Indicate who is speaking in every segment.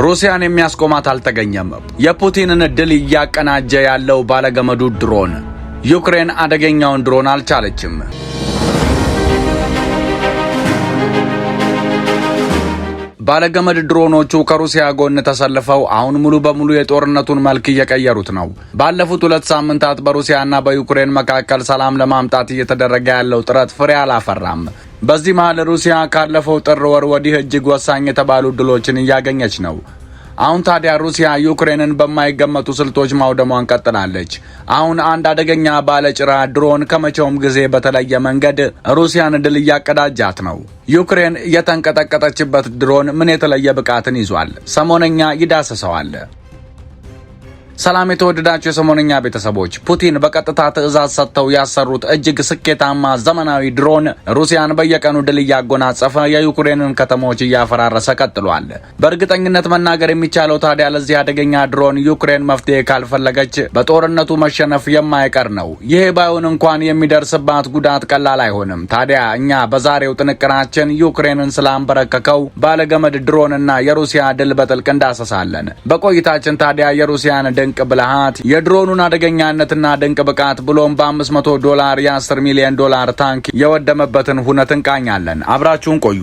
Speaker 1: ሩሲያን የሚያስቆማት አልተገኘም። የፑቲንን ድል እያቀናጀ ያለው ባለገመዱ ድሮን ዩክሬን አደገኛውን ድሮን አልቻለችም። ባለገመድ ድሮኖቹ ከሩሲያ ጎን ተሰልፈው አሁን ሙሉ በሙሉ የጦርነቱን መልክ እየቀየሩት ነው። ባለፉት ሁለት ሳምንታት በሩሲያና በዩክሬን መካከል ሰላም ለማምጣት እየተደረገ ያለው ጥረት ፍሬ አላፈራም። በዚህ መሀል ሩሲያ ካለፈው ጥር ወር ወዲህ እጅግ ወሳኝ የተባሉ ድሎችን እያገኘች ነው። አሁን ታዲያ ሩሲያ ዩክሬንን በማይገመቱ ስልቶች ማውደሟን ቀጥላለች። አሁን አንድ አደገኛ ባለጭራ ድሮን ከመቼውም ጊዜ በተለየ መንገድ ሩሲያን ድል እያቀዳጃት ነው። ዩክሬን የተንቀጠቀጠችበት ድሮን ምን የተለየ ብቃትን ይዟል? ሰሞነኛ ይዳሰሰዋል። ሰላም የተወደዳቸው የሰሞነኛ ቤተሰቦች፣ ፑቲን በቀጥታ ትዕዛዝ ሰጥተው ያሰሩት እጅግ ስኬታማ ዘመናዊ ድሮን ሩሲያን በየቀኑ ድል እያጎናጸፈ የዩክሬንን ከተሞች እያፈራረሰ ቀጥሏል። በእርግጠኝነት መናገር የሚቻለው ታዲያ ለዚህ አደገኛ ድሮን ዩክሬን መፍትሄ ካልፈለገች በጦርነቱ መሸነፍ የማይቀር ነው። ይህ ባይሆን እንኳን የሚደርስባት ጉዳት ቀላል አይሆንም። ታዲያ እኛ በዛሬው ጥንቅራችን ዩክሬንን ስላንበረከከው ባለገመድ ድሮንና የሩሲያ ድል በጥልቅ እንዳሰሳለን። በቆይታችን ታዲያ የሩሲያን ድንቅ ድንቅ ብልሃት፣ የድሮኑን አደገኛነትና ድንቅ ብቃት ብሎም በ500 ዶላር የ10 ሚሊዮን ዶላር ታንክ የወደመበትን ሁነት እንቃኛለን። አብራችሁን ቆዩ።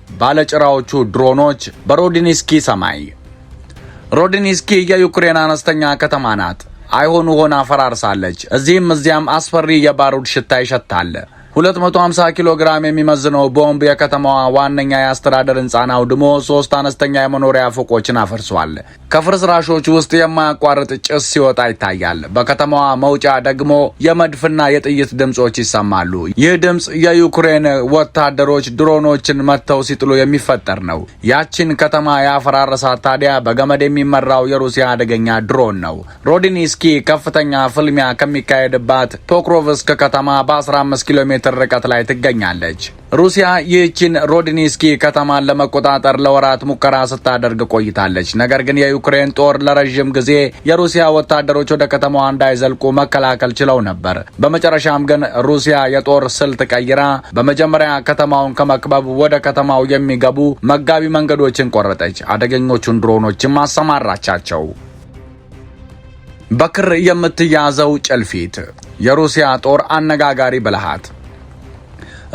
Speaker 1: ባለጭራዎቹ ድሮኖች በሮዲኒስኪ ሰማይ። ሮዲኒስኪ የዩክሬን አነስተኛ ከተማ ናት። አይሆኑ ሆና ፈራርሳለች። እዚህም እዚያም አስፈሪ የባሩድ ሽታ ይሸታል። 250 ኪሎ ግራም የሚመዝነው ቦምብ የከተማዋ ዋነኛ የአስተዳደር ህንፃን አውድሞ ሶስት አነስተኛ የመኖሪያ ፎቆችን አፈርሷል። ከፍርስራሾች ውስጥ የማያቋርጥ ጭስ ሲወጣ ይታያል። በከተማዋ መውጫ ደግሞ የመድፍና የጥይት ድምጾች ይሰማሉ። ይህ ድምፅ የዩክሬን ወታደሮች ድሮኖችን መጥተው ሲጥሉ የሚፈጠር ነው። ያቺን ከተማ ያፈራረሳት ታዲያ በገመድ የሚመራው የሩሲያ አደገኛ ድሮን ነው። ሮዲኒስኪ ከፍተኛ ፍልሚያ ከሚካሄድባት ፖክሮቭስክ ከተማ በ15 ኪሎ ኪሎሜትር ርቀት ላይ ትገኛለች። ሩሲያ ይህችን ሮድኒስኪ ከተማን ለመቆጣጠር ለወራት ሙከራ ስታደርግ ቆይታለች። ነገር ግን የዩክሬን ጦር ለረዥም ጊዜ የሩሲያ ወታደሮች ወደ ከተማዋ እንዳይዘልቁ መከላከል ችለው ነበር። በመጨረሻም ግን ሩሲያ የጦር ስልት ቀይራ በመጀመሪያ ከተማውን ከመክበብ ወደ ከተማው የሚገቡ መጋቢ መንገዶችን ቆረጠች። አደገኞቹን ድሮኖችም አሰማራቻቸው። በክር የምትያዘው ጭልፊት የሩሲያ ጦር አነጋጋሪ ብልሃት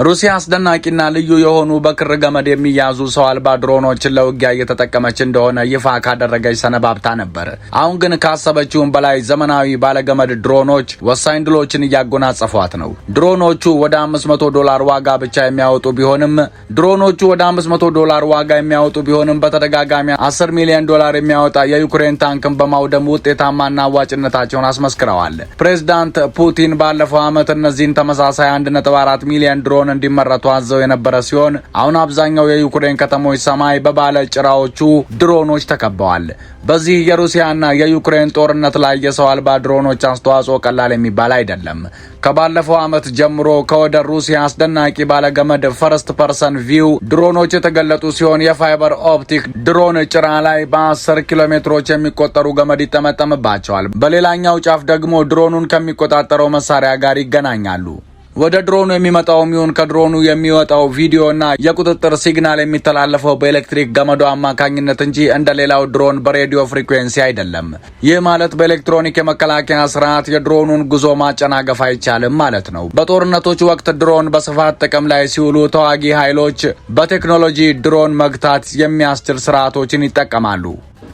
Speaker 1: ሩሲያ አስደናቂና ልዩ የሆኑ በክር ገመድ የሚያዙ ሰው አልባ ድሮኖችን ለውጊያ እየተጠቀመች እንደሆነ ይፋ ካደረገች ሰነባብታ ነበር። አሁን ግን ካሰበችውን በላይ ዘመናዊ ባለገመድ ድሮኖች ወሳኝ ድሎችን እያጎናጸፏት ነው። ድሮኖቹ ወደ 500 ዶላር ዋጋ ብቻ የሚያወጡ ቢሆንም ድሮኖቹ ወደ 500 ዶላር ዋጋ የሚያወጡ ቢሆንም በተደጋጋሚ 10 ሚሊዮን ዶላር የሚያወጣ የዩክሬን ታንክን በማውደም ውጤታማና አዋጭነታቸውን አስመስክረዋል። ፕሬዝዳንት ፑቲን ባለፈው ዓመት እነዚህን ተመሳሳይ 1.4 ሚሊዮን ድሮን ዞን እንዲመረቱ አዘው የነበረ ሲሆን አሁን አብዛኛው የዩክሬን ከተሞች ሰማይ በባለ ጭራዎቹ ድሮኖች ተከበዋል። በዚህ የሩሲያና የዩክሬን ጦርነት ላይ የሰው አልባ ድሮኖች አስተዋጽኦ ቀላል የሚባል አይደለም። ከባለፈው ዓመት ጀምሮ ከወደ ሩሲያ አስደናቂ ባለገመድ ፈርስት ፐርሰን ቪው ድሮኖች የተገለጡ ሲሆን የፋይበር ኦፕቲክ ድሮን ጭራ ላይ በ10 ኪሎ ሜትሮች የሚቆጠሩ ገመድ ይጠመጠምባቸዋል። በሌላኛው ጫፍ ደግሞ ድሮኑን ከሚቆጣጠረው መሳሪያ ጋር ይገናኛሉ። ወደ ድሮኑ የሚመጣው የሚሆን ከድሮኑ የሚወጣው ቪዲዮ እና የቁጥጥር ሲግናል የሚተላለፈው በኤሌክትሪክ ገመዶ አማካኝነት እንጂ እንደ ሌላው ድሮን በሬዲዮ ፍሪኩዌንሲ አይደለም። ይህ ማለት በኤሌክትሮኒክ የመከላከያ ስርዓት የድሮኑን ጉዞ ማጨናገፍ አይቻልም ማለት ነው። በጦርነቶች ወቅት ድሮን በስፋት ጥቅም ላይ ሲውሉ ተዋጊ ኃይሎች በቴክኖሎጂ ድሮን መግታት የሚያስችል ስርዓቶችን ይጠቀማሉ።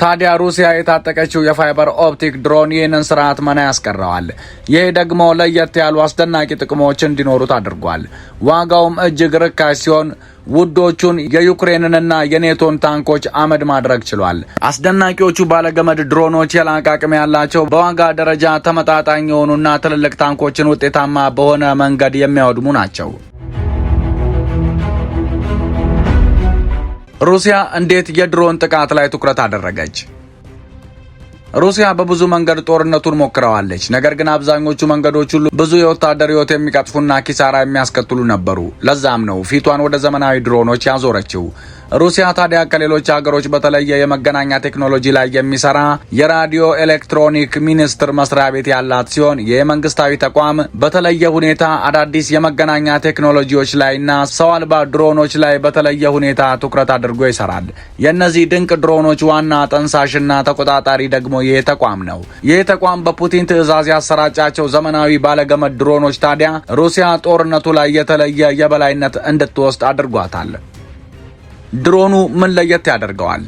Speaker 1: ታዲያ ሩሲያ የታጠቀችው የፋይበር ኦፕቲክ ድሮን ይህንን ስርዓት መና ያስቀረዋል። ይህ ደግሞ ለየት ያሉ አስደናቂ ጥቅሞች እንዲኖሩት አድርጓል። ዋጋውም እጅግ ርካሽ ሲሆን ውዶቹን የዩክሬንንና የኔቶን ታንኮች አመድ ማድረግ ችሏል። አስደናቂዎቹ ባለገመድ ድሮኖች የላቀ አቅም ያላቸው፣ በዋጋ ደረጃ ተመጣጣኝ የሆኑና ትልልቅ ታንኮችን ውጤታማ በሆነ መንገድ የሚያወድሙ ናቸው። ሩሲያ እንዴት የድሮን ጥቃት ላይ ትኩረት አደረገች? ሩሲያ በብዙ መንገድ ጦርነቱን ሞክረዋለች። ነገር ግን አብዛኞቹ መንገዶች ሁሉ ብዙ የወታደር ህይወት የሚቀጥፉና ኪሳራ የሚያስከትሉ ነበሩ። ለዛም ነው ፊቷን ወደ ዘመናዊ ድሮኖች ያዞረችው። ሩሲያ ታዲያ ከሌሎች ሀገሮች በተለየ የመገናኛ ቴክኖሎጂ ላይ የሚሰራ የራዲዮ ኤሌክትሮኒክ ሚኒስቴር መስሪያ ቤት ያላት ሲሆን የመንግስታዊ ተቋም በተለየ ሁኔታ አዳዲስ የመገናኛ ቴክኖሎጂዎች ላይና ሰው አልባ ድሮኖች ላይ በተለየ ሁኔታ ትኩረት አድርጎ ይሰራል። የእነዚህ ድንቅ ድሮኖች ዋና ጠንሳሽና ተቆጣጣሪ ደግሞ ይህ ተቋም ነው። ይህ ተቋም በፑቲን ትዕዛዝ ያሰራጫቸው ዘመናዊ ባለገመድ ድሮኖች ታዲያ ሩሲያ ጦርነቱ ላይ የተለየ የበላይነት እንድትወስድ አድርጓታል። ድሮኑ ምን ለየት ያደርገዋል?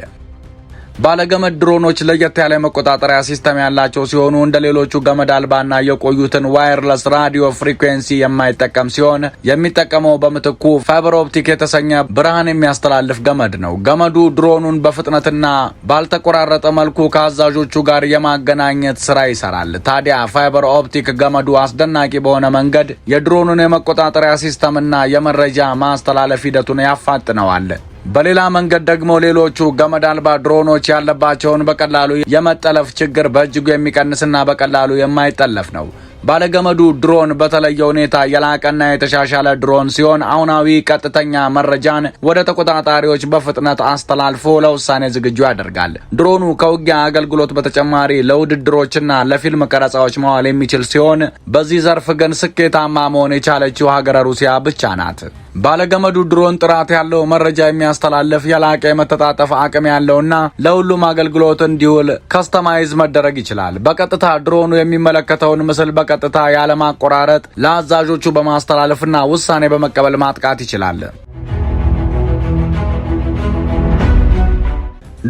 Speaker 1: ባለገመድ ድሮኖች ለየት ያለ መቆጣጠሪያ ሲስተም ያላቸው ሲሆኑ እንደ ሌሎቹ ገመድ አልባና የቆዩትን ዋይርለስ ራዲዮ ፍሪኩዌንሲ የማይጠቀም ሲሆን የሚጠቀመው በምትኩ ፋይበር ኦፕቲክ የተሰኘ ብርሃን የሚያስተላልፍ ገመድ ነው። ገመዱ ድሮኑን በፍጥነትና ባልተቆራረጠ መልኩ ከአዛዦቹ ጋር የማገናኘት ስራ ይሰራል። ታዲያ ፋይበር ኦፕቲክ ገመዱ አስደናቂ በሆነ መንገድ የድሮኑን የመቆጣጠሪያ ሲስተምና የመረጃ ማስተላለፍ ሂደቱን ያፋጥነዋል። በሌላ መንገድ ደግሞ ሌሎቹ ገመድ አልባ ድሮኖች ያለባቸውን በቀላሉ የመጠለፍ ችግር በእጅጉ የሚቀንስና በቀላሉ የማይጠለፍ ነው። ባለገመዱ ድሮን በተለየ ሁኔታ የላቀና የተሻሻለ ድሮን ሲሆን አሁናዊ ቀጥተኛ መረጃን ወደ ተቆጣጣሪዎች በፍጥነት አስተላልፎ ለውሳኔ ዝግጁ ያደርጋል። ድሮኑ ከውጊያ አገልግሎት በተጨማሪ ለውድድሮችና ለፊልም ቀረጻዎች መዋል የሚችል ሲሆን በዚህ ዘርፍ ግን ስኬታማ መሆን የቻለችው ሀገረ ሩሲያ ብቻ ናት። ባለገመዱ ድሮን ጥራት ያለው መረጃ የሚያስተላልፍ የላቀ የመተጣጠፍ አቅም ያለውና ለሁሉም አገልግሎት እንዲውል ከስተማይዝ መደረግ ይችላል። በቀጥታ ድሮኑ የሚመለከተውን ምስል በቀጥታ ያለማቆራረጥ ለአዛዦቹ በማስተላለፍና ውሳኔ በመቀበል ማጥቃት ይችላል።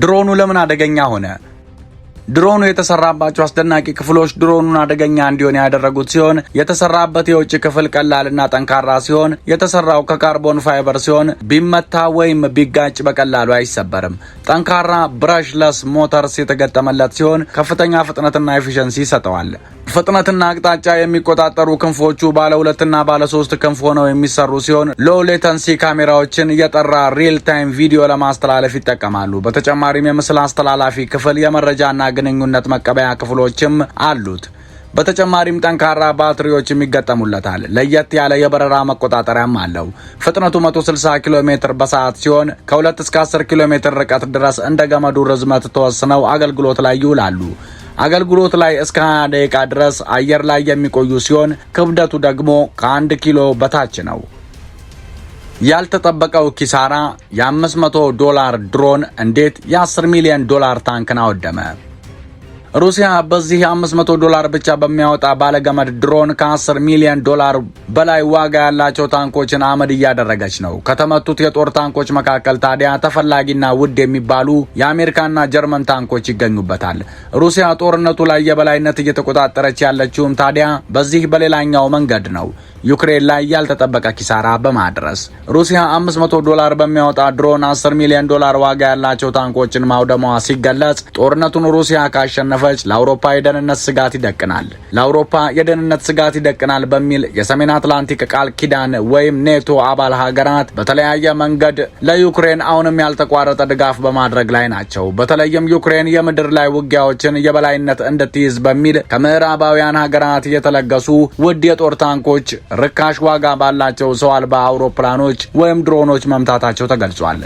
Speaker 1: ድሮኑ ለምን አደገኛ ሆነ? ድሮኑ የተሰራባቸው አስደናቂ ክፍሎች ድሮኑን አደገኛ እንዲሆን ያደረጉት ሲሆን የተሰራበት የውጭ ክፍል ቀላልና ጠንካራ ሲሆን የተሰራው ከካርቦን ፋይበር ሲሆን ቢመታ ወይም ቢጋጭ በቀላሉ አይሰበርም። ጠንካራ ብራሽለስ ሞተርስ የተገጠመለት ሲሆን ከፍተኛ ፍጥነትና ኤፊሽንሲ ይሰጠዋል። ፍጥነትና አቅጣጫ የሚቆጣጠሩ ክንፎቹ ባለ ሁለትና ባለ ሶስት ክንፍ ሆነው የሚሰሩ ሲሆን ሎው ሌተንሲ ካሜራዎችን የጠራ ሪል ታይም ቪዲዮ ለማስተላለፍ ይጠቀማሉ። በተጨማሪም የምስል አስተላላፊ ክፍል፣ የመረጃና ግንኙነት መቀበያ ክፍሎችም አሉት። በተጨማሪም ጠንካራ ባትሪዎችም የሚገጠሙለታል። ለየት ያለ የበረራ መቆጣጠሪያም አለው። ፍጥነቱ 160 ኪሎ ሜትር በሰዓት ሲሆን ከ2 እስከ 10 ኪሎ ሜትር ርቀት ድረስ እንደ ገመዱ ርዝመት ተወስነው አገልግሎት ላይ ይውላሉ። አገልግሎት ላይ እስከ 20 ደቂቃ ድረስ አየር ላይ የሚቆዩ ሲሆን ክብደቱ ደግሞ ከ ከ1 ኪሎ በታች ነው። ያልተጠበቀው ኪሳራ የ500 ዶላር ድሮን እንዴት የ10 ሚሊዮን ዶላር ታንክን አወደመ? ሩሲያ በዚህ 500 ዶላር ብቻ በሚያወጣ ባለገመድ ድሮን ከ10 ሚሊዮን ዶላር በላይ ዋጋ ያላቸው ታንኮችን አመድ እያደረገች ነው። ከተመቱት የጦር ታንኮች መካከል ታዲያ ተፈላጊና ውድ የሚባሉ የአሜሪካና ጀርመን ታንኮች ይገኙበታል። ሩሲያ ጦርነቱ ላይ የበላይነት እየተቆጣጠረች ያለችውም ታዲያ በዚህ በሌላኛው መንገድ ነው፣ ዩክሬን ላይ ያልተጠበቀ ኪሳራ በማድረስ ሩሲያ 500 ዶላር በሚያወጣ ድሮን 10 ሚሊዮን ዶላር ዋጋ ያላቸው ታንኮችን ማውደሟ ሲገለጽ ጦርነቱን ሩሲያ ካሸነፈ መክፈች ለአውሮፓ የደህንነት ስጋት ይደቅናል፣ ለአውሮፓ የደህንነት ስጋት ይደቅናል በሚል የሰሜን አትላንቲክ ቃል ኪዳን ወይም ኔቶ አባል ሀገራት በተለያየ መንገድ ለዩክሬን አሁንም ያልተቋረጠ ድጋፍ በማድረግ ላይ ናቸው። በተለይም ዩክሬን የምድር ላይ ውጊያዎችን የበላይነት እንድትይዝ በሚል ከምዕራባውያን ሀገራት የተለገሱ ውድ የጦር ታንኮች ርካሽ ዋጋ ባላቸው ሰው አልባ አውሮፕላኖች ወይም ድሮኖች መምታታቸው ተገልጿል።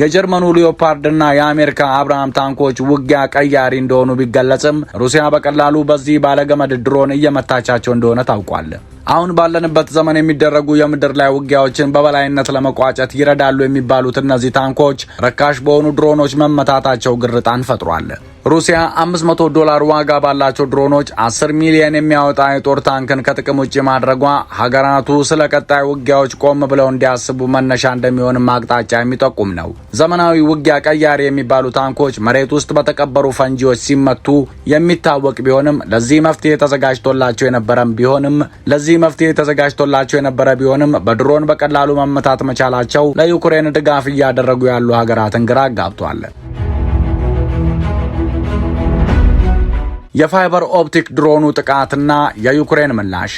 Speaker 1: የጀርመኑ ሊዮፓርድና የአሜሪካ አብርሃም ታንኮች ውጊያ ቀያሪ እንደሆኑ ቢገለጽም ሩሲያ በቀላሉ በዚህ ባለገመድ ድሮን እየመታቻቸው እንደሆነ ታውቋል። አሁን ባለንበት ዘመን የሚደረጉ የምድር ላይ ውጊያዎችን በበላይነት ለመቋጨት ይረዳሉ የሚባሉት እነዚህ ታንኮች ርካሽ በሆኑ ድሮኖች መመታታቸው ግርጣን ፈጥሯል። ሩሲያ 500 ዶላር ዋጋ ባላቸው ድሮኖች 10 ሚሊዮን የሚያወጣ የጦር ታንክን ከጥቅም ውጭ ማድረጓ ሀገራቱ ስለ ቀጣይ ውጊያዎች ቆም ብለው እንዲያስቡ መነሻ እንደሚሆንም አቅጣጫ የሚጠቁም ነው። ዘመናዊ ውጊያ ቀያሪ የሚባሉ ታንኮች መሬት ውስጥ በተቀበሩ ፈንጂዎች ሲመቱ የሚታወቅ ቢሆንም ለዚህ መፍትሄ ተዘጋጅቶላቸው የነበረም ቢሆንም ለዚህ መፍትሄ ተዘጋጅቶላቸው የነበረ ቢሆንም በድሮን በቀላሉ መመታት መቻላቸው ለዩክሬን ድጋፍ እያደረጉ ያሉ ሀገራትን ግራ አጋብቷል። የፋይበር ኦፕቲክ ድሮኑ ጥቃትና የዩክሬን ምላሽ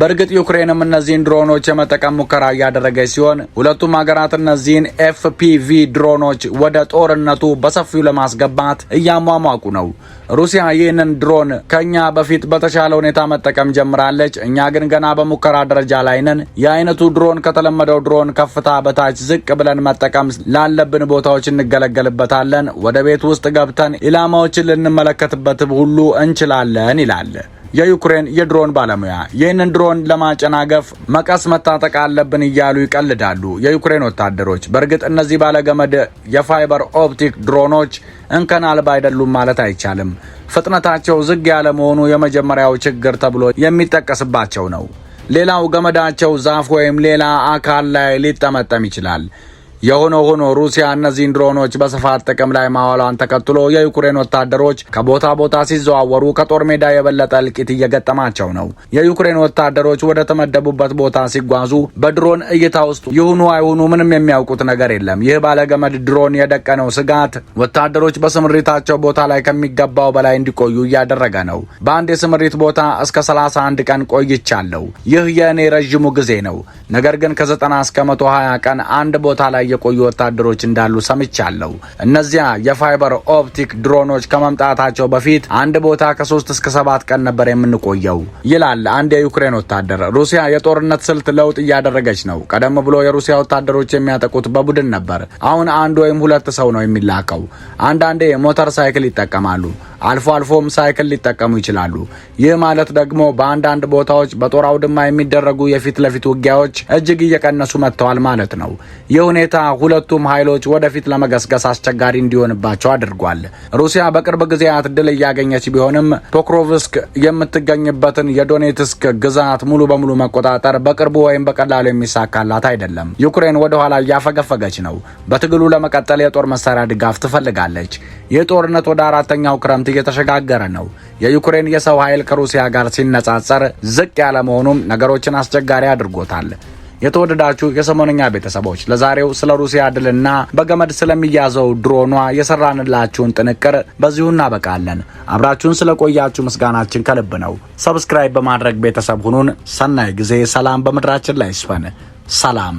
Speaker 1: በእርግጥ ዩክሬንም እነዚህን ድሮኖች የመጠቀም ሙከራ እያደረገች ሲሆን ሁለቱም ሀገራት እነዚህን ኤፍፒቪ ድሮኖች ወደ ጦርነቱ በሰፊው ለማስገባት እያሟሟቁ ነው። ሩሲያ ይህንን ድሮን ከእኛ በፊት በተሻለ ሁኔታ መጠቀም ጀምራለች። እኛ ግን ገና በሙከራ ደረጃ ላይ ነን። የአይነቱ ድሮን ከተለመደው ድሮን ከፍታ በታች ዝቅ ብለን መጠቀም ላለብን ቦታዎች እንገለገልበታለን። ወደ ቤት ውስጥ ገብተን ኢላማዎችን ልንመለከትበት ሁሉ እንችላለን ይላል። የዩክሬን የድሮን ባለሙያ ይህንን ድሮን ለማጨናገፍ መቀስ መታጠቅ አለብን እያሉ ይቀልዳሉ የዩክሬን ወታደሮች። በእርግጥ እነዚህ ባለገመድ የፋይበር ኦፕቲክ ድሮኖች እንከን አልባ አይደሉም ማለት አይቻልም። ፍጥነታቸው ዝግ ያለ መሆኑ የመጀመሪያው ችግር ተብሎ የሚጠቀስባቸው ነው። ሌላው ገመዳቸው ዛፍ ወይም ሌላ አካል ላይ ሊጠመጠም ይችላል። የሆነ ሆኖ ሩሲያ እነዚህን ድሮኖች በስፋት ጥቅም ላይ ማዋሏን ተከትሎ የዩክሬን ወታደሮች ከቦታ ቦታ ሲዘዋወሩ ከጦር ሜዳ የበለጠ እልቂት እየገጠማቸው ነው። የዩክሬን ወታደሮች ወደ ተመደቡበት ቦታ ሲጓዙ በድሮን እይታ ውስጥ ይሁኑ አይሁኑ ምንም የሚያውቁት ነገር የለም። ይህ ባለገመድ ድሮን የደቀነው ስጋት ወታደሮች በስምሪታቸው ቦታ ላይ ከሚገባው በላይ እንዲቆዩ እያደረገ ነው። በአንድ የስምሪት ቦታ እስከ 31 ቀን ቆይቻለሁ። ይህ የእኔ ረዥሙ ጊዜ ነው። ነገር ግን ከ90 እስከ 120 ቀን አንድ ቦታ ላይ የቆዩ ወታደሮች እንዳሉ ሰምቻለሁ። እነዚያ የፋይበር ኦፕቲክ ድሮኖች ከመምጣታቸው በፊት አንድ ቦታ ከሶስት እስከ ሰባት ቀን ነበር የምንቆየው ይላል አንድ የዩክሬን ወታደር። ሩሲያ የጦርነት ስልት ለውጥ እያደረገች ነው። ቀደም ብሎ የሩሲያ ወታደሮች የሚያጠቁት በቡድን ነበር። አሁን አንድ ወይም ሁለት ሰው ነው የሚላከው። አንዳንዴ ሞተር ሳይክል ይጠቀማሉ። አልፎ አልፎም ሳይክል ሊጠቀሙ ይችላሉ። ይህ ማለት ደግሞ በአንዳንድ ቦታዎች በጦር አውድማ የሚደረጉ የፊት ለፊት ውጊያዎች እጅግ እየቀነሱ መጥተዋል ማለት ነው። ይህ ሁኔታ ሁለቱም ኃይሎች ወደፊት ለመገስገስ አስቸጋሪ እንዲሆንባቸው አድርጓል። ሩሲያ በቅርብ ጊዜያት ድል እያገኘች ቢሆንም ፖክሮቭስክ የምትገኝበትን የዶኔትስክ ግዛት ሙሉ በሙሉ መቆጣጠር በቅርቡ ወይም በቀላሉ የሚሳካላት አይደለም። ዩክሬን ወደ ኋላ እያፈገፈገች ነው። በትግሉ ለመቀጠል የጦር መሳሪያ ድጋፍ ትፈልጋለች። ይህ ጦርነት ወደ አራተኛው ክረምት እየተሸጋገረ ነው። የዩክሬን የሰው ኃይል ከሩሲያ ጋር ሲነጻጸር ዝቅ ያለ መሆኑም ነገሮችን አስቸጋሪ አድርጎታል። የተወደዳችሁ የሰሞነኛ ቤተሰቦች ለዛሬው ስለ ሩሲያ ድልና በገመድ ስለሚያዘው ድሮኗ የሰራንላችሁን ጥንቅር በዚሁ እናበቃለን። አብራችሁን ስለቆያችሁ ምስጋናችን ከልብ ነው። ሰብስክራይብ በማድረግ ቤተሰብ ሁኑን። ሰናይ ጊዜ። ሰላም በምድራችን ላይ ይስፈን። ሰላም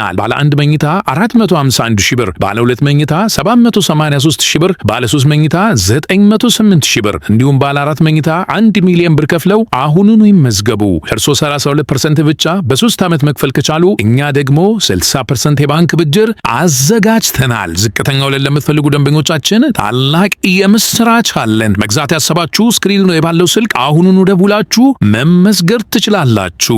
Speaker 2: ይሆናል። ባለ አንድ መኝታ 451 ሺህ ብር፣ ባለ ሁለት መኝታ 783 ሺህ ብር፣ ባለ ሶስት መኝታ 908 ሺህ ብር እንዲሁም ባለ አራት መኝታ 1 ሚሊዮን ብር ከፍለው አሁኑኑ ይመዝገቡ። እርሶ 32% ብቻ በ3 ዓመት መክፈል ከቻሉ እኛ ደግሞ 60% የባንክ ብድር አዘጋጅተናል። ዝቅተኛው ለምትፈልጉ ደንበኞቻችን ታላቅ የምስራች አለን። መግዛት ያሰባችሁ ስክሪኑ የባለው ባለው ስልክ አሁኑኑ ደውላችሁ መመዝገር ትችላላችሁ።